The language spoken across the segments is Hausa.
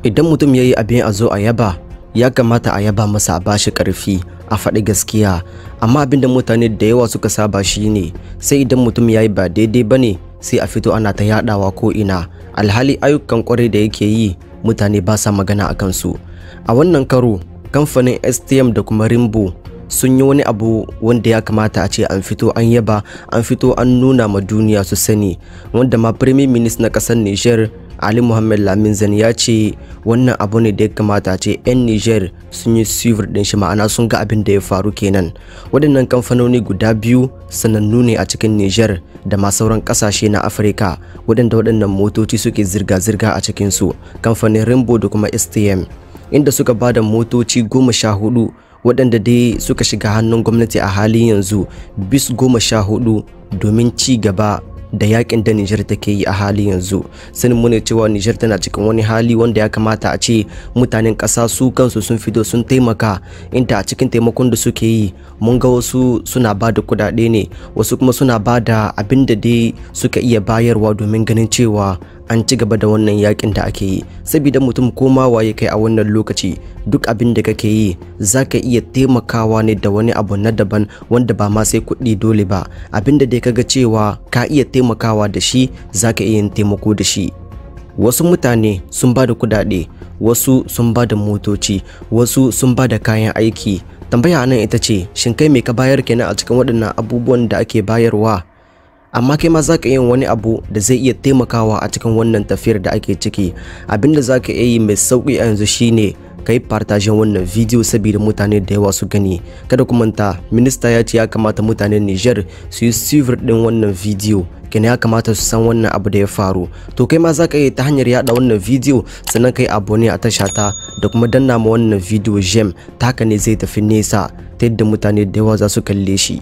idan mutum ya yi abin a zo a yaba ya kamata a yaba masa a bashi karfi a faɗi gaskiya amma abin da mutane da yawa suka saba shi ne sai idan mutum ya yi ba daidai ba ne sai a fito ana ta yaɗawa ko ina alhali ayyukan kwarai da yake yi mutane ba sa magana a kansu a wannan karo kamfanin stm da kuma rimbo sun yi wani abu wanda ya kamata a ce an fito an yaba an fito an nuna ma duniya su sani wanda ma premier minister na kasar niger ali muhammad lamin zani ya ce wannan abu ne da ya kamata ce 'yan niger sun yi sivir din shi ma'ana sun ga abin da ya faru kenan waɗannan kamfanoni guda biyu sanannu ne a cikin niger da ma sauran ƙasashe na afirka waɗanda waɗannan motoci suke zirga-zirga a cikinsu kamfanin rainbow da kuma stm inda suka ba da motoci goma sha hudu waɗanda dai suka shiga hannun gwamnati a halin yanzu bis goma sha hudu domin ci gaba da yakin da Niger take yi a hali yanzu sanin mune cewa Niger tana cikin wani hali wanda ya kamata a ce mutanen ƙasa su kansu sun fito sun taimaka inda a cikin taimakon da suke yi mun ga wasu suna ba da kuɗaɗe ne wasu kuma suna ba da abin da dai suka iya bayarwa domin ganin cewa an ci gaba da wannan yakin da ake yi saboda mutum koma waye kai a wannan lokaci duk abin da kake yi zaka iya taimakawa ne da wani abu na daban wanda ba ma sai kuɗi dole ba abin da dai kaga cewa ka iya taimakawa da shi zaka iya yin taimako da shi wasu mutane sun ba da kuɗaɗe wasu sun ba da motoci wasu sun ba da kayan aiki tambaya anan ita ce shin kai me ka bayar kenan a cikin waɗannan abubuwan da ake bayarwa amma kai ma za ka yin wani abu da zai iya taimakawa a cikin wannan tafiyar da ake ciki abinda za ka yi mai sauki a yanzu shine ka yi partajen wannan video saboda mutane da yawa su gani kada ku manta minista ya ce ya kamata mutanen niger su yi sivir din wannan video kene ya kamata su san wannan abu da ya faru to kai ma za ka yi ta hanyar yada wannan video sannan kai yi abone a tasha ta da kuma danna ma wannan video gem ta ne zai tafi nesa ta yadda mutane da yawa za su kalle shi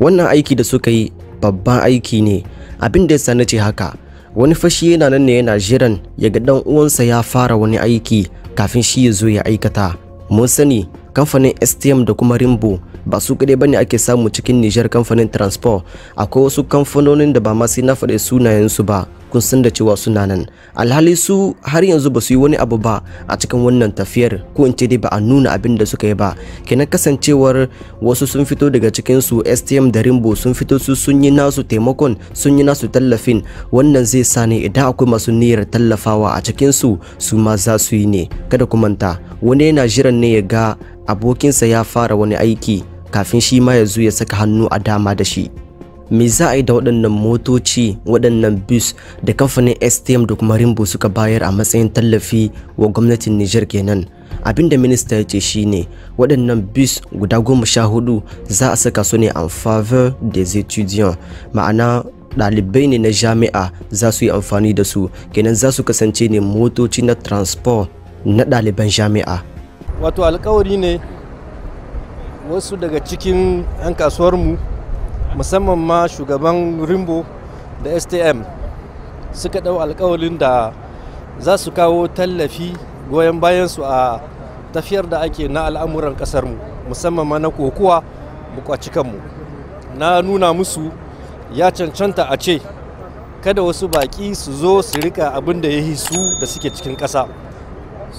wannan aiki da suka yi babban aiki ne abin da ya ce haka wani fashi yana nan ne yana jiran ya ga dan uwansa ya fara wani aiki kafin shi ya zo ya aikata mun sani kamfanin STM da kuma Rimbo ba su kaɗai bane ake samu cikin Nijar kamfanin transport akwai wasu kamfanonin da ba ma sai na faɗi sunayensu ba kun san da cewa suna nan alhali su har yanzu ba su yi wani abu ba a cikin wannan tafiyar ko in ce dai ba a nuna abin da suka yi ba kenan kasancewar wasu sun fito daga cikin su STM da Rimbo sun fito su sun yi nasu taimakon sun yi nasu tallafin wannan zai sa ne idan akwai masu niyyar tallafawa a cikin su su ma za su yi ne kada ku manta wani yana jiran ne ya ga abokinsa ya fara wani aiki kafin shi ma ya zo ya saka hannu a dama da shi me za a yi da waɗannan motoci waɗannan bus da kamfanin stm da kuma rimbo suka bayar a matsayin tallafi wa gwamnatin niger kenan abinda minista ya ce shine waɗannan bus guda goma sha hudu za a saka su ne en faveur des étudiants ma'ana ɗalibai ne na jami'a za su yi amfani da su kenan za su kasance ne motoci na transport na ɗaliban jami'a wato alkawari ne wasu daga cikin 'yan kasuwarmu musamman ma shugaban rimbo da stm suka ɗau alkawalin da za su kawo tallafi goyon bayansu a tafiyar da ake na al'amuran ƙasarmu musamman ma na kokuwa bukwaci kanmu na nuna musu ya cancanta a ce kada wasu baƙi su zo su rika abin da ya yi su da suke cikin ƙasa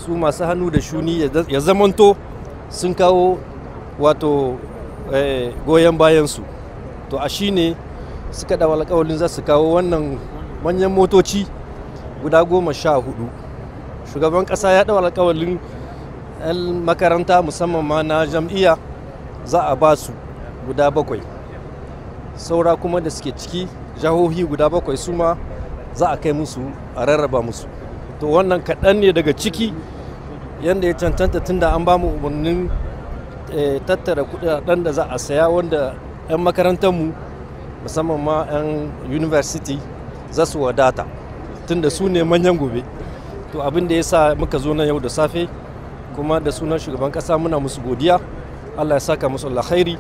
su masu hannu da shuni ya zamanto sun kawo wato eh, goyon bayansu to a shine suka da alƙawalin za su kawo wannan manyan motoci guda goma sha hudu shugaban ƙasa ya ɗaura alƙawalin 'yan makaranta musamman ma na jam'iyya za a ba su guda bakwai saura kuma da suke ciki jahohi guda bakwai su ma za a kai musu a rarraba musu to wannan kaɗan ne daga ciki yadda ya cancanta tunda an ba mu umarnin eh, tattara kuɗaɗen da za a saya wanda 'yan makarantarmu musamman ma 'yan university za su wadata tunda su ne manyan gobe to abin da ya sa muka zo na yau da safe kuma da sunan shugaban kasa muna musu godiya allah ya saka musu alkhairi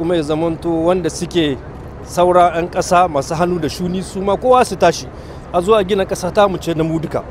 kuma ya zamanto wanda suke saura 'yan kasa masu hannu da shuni su ma kowa su tashi a zuwa gina kasa ta mu ce na mu duka